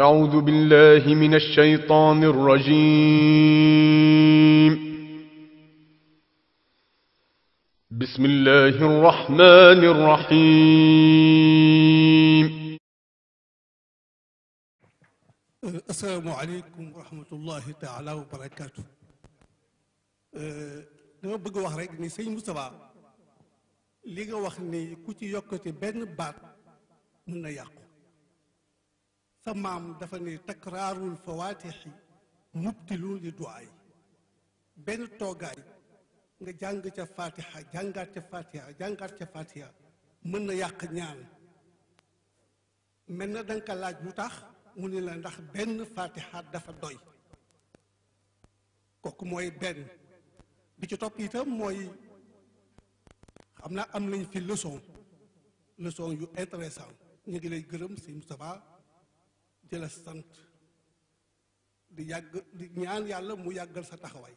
أعوذ بالله من الشيطان الرجيم بسم الله الرحمن الرحيم السلام عليكم ورحمة الله تعالى وبركاته dama bëgg wax rek ni sëñ Moustapha li nga wax ni ku ci yokkati benn baat mën na yàqu sa maam dafa ne takraarul fawaatixi mubtilun li duwaay benn toogaay nga jàng ca fatiha jàngaat ca fatiha jàngaat ca fatiha mën na yàq ñaan mel na danga ko laaj lu tax mu ne la ndax benn fatiha dafa doy kooku mooy benn bi ci topp itam mooy xam naa am nañ fi leçon leçon yu intéressant ñu ngi lay gërëm si Moustapha di la sant di yàgg di ñaan yàlla mu yàggal sa taxawaay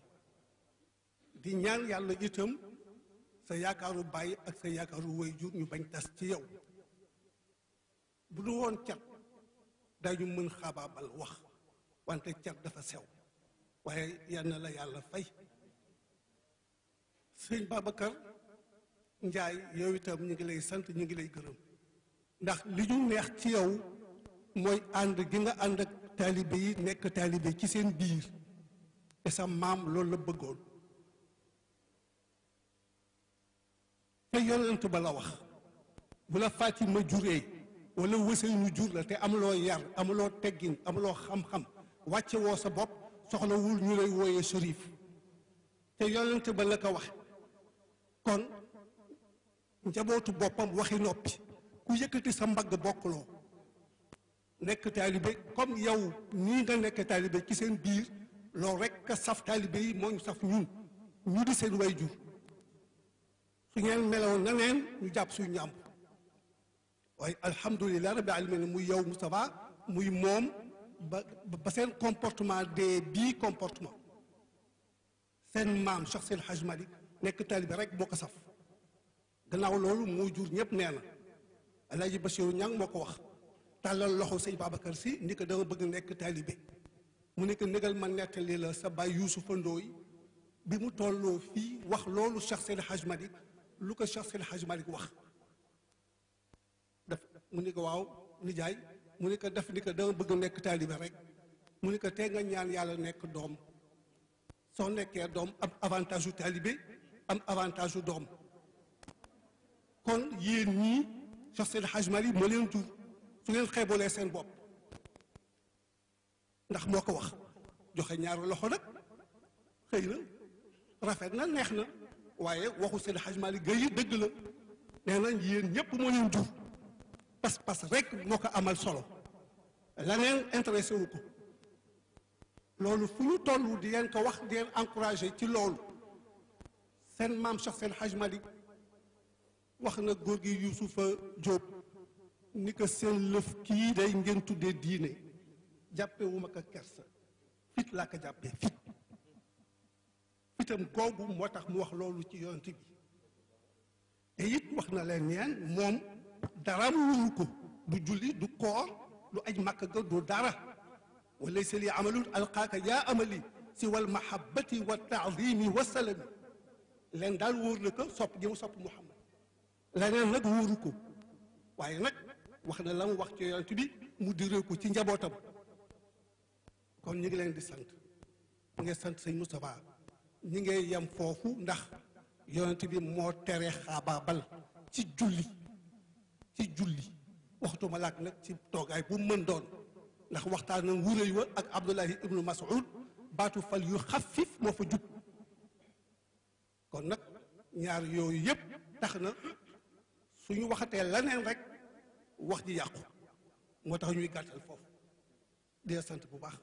di ñaan yàlla itam sa yaakaaru bàyyi ak sa yaakaaru jur ñu bañ tas ci yow bu du woon cat dañu mën xaabaabal wax wante cat dafa sew waaye yal na la yàlla fay sëñ Babacar Njaay yow itam ñu ngi lay sant ñu ngi lay gërëm ndax li ñu neex ci yow mooy ànd gi nga ànd ak taalibe yi nekk taalibe ci seen biir te sa maam loolu la bëggoon te yonent ba la wax bu la ma juree wala wësee ñu jur la te amuloo yar amuloo teggin amuloo xam-xam wàccewoo sa bopp soxlawul ñu lay wooyee shérif te yonent ba la ko wax kon njabootu boppam waxi noppi ku yëkkati sa mbagg bokkuloo nekk taalibe comme yow nii nga nekk taalibe ci seen biir loolu rek saf taalibe yi moo ñu saf ñun ñu di seen way jur su ngeen meloon na neen ñu jàpp suñu ñàmp waaye alhamdulilah rabbi alamin muy yow Moustapha muy moom ba ba seen comportement des bii comportement seen maam Cheikh seen Haj Malik nekk taalibe rek moo ko saf gannaaw loolu moo jur ñëpp nee na El Hadj Bachirou Niang moo ko wax tàllal loxo sëñ kër si ni ko dama bëgg nekk taalibe mu nekk négal ma nettali la sa baay Yuusufa Ndooy bi mu tolloo fii wax loolu Cheikh Seydi Hadj Malick lu ko Cheikh Seydi Hadj wax daf mu ni waaw nijaay mu ni ko def ni ko dama bëgg nekk taalibe rek mu ni ko tey nga ñaan yàlla nekk doom soo nekkee doom am avantage yu taalibe am avantage yu doom kon yéen ñii Cheikh Seydi Hadj Malick leen jur su ngeen xeebolee seen bopp ndax moo ko wax joxe ñaaru loxo nag xëy na rafet na neex na waaye waxu seen Hajj Maalik Gay yi dëgg la nee nañ yéen ñëpp moo leen jur pas-pas rek moo ko amal solo laneen intéressé wu ko loolu fu ñu toll di leen ko wax di leen encouragé ci loolu seen maam sax seen Hajj Maalik wax na góor gi Yuusufa Jóob ni ko seen lëf kii day ngeen tuddee diine jàppewuma ko kersa fit laa ko jàppee fit fitam googu moo tax mu wax loolu ci yonent bi te wax na leen neen moom dara wuñu ko du julli du koor lu aj màkk ga du dara walay sa li amalul alqaaka yaa amali si wal mahabbati wa taadimi wa salami leen daal wóor na ko sopp gi mu sopp xam leneen nag wóoru ko waaye nag wax na la mu wax ci yonent bi mu diree ko ci njabootam kon ñu ngi leen di sant ñu ngi sant sañ Moustapha ñi ngay yem foofu ndax yonent bi moo tere xaabaabal ci julli ci julli waxtuma laak nag ci toogaay bu mën doon ndax waxtaanam wuréy wa ak Abdullahi ibnu Mas'ud baatu fal yu xafif moo fa jub kon nag ñaar yooyu yëpp tax na suñu waxatee laneen rek wax di yàqu moo tax ñuy gàttal foofu di sant bu baax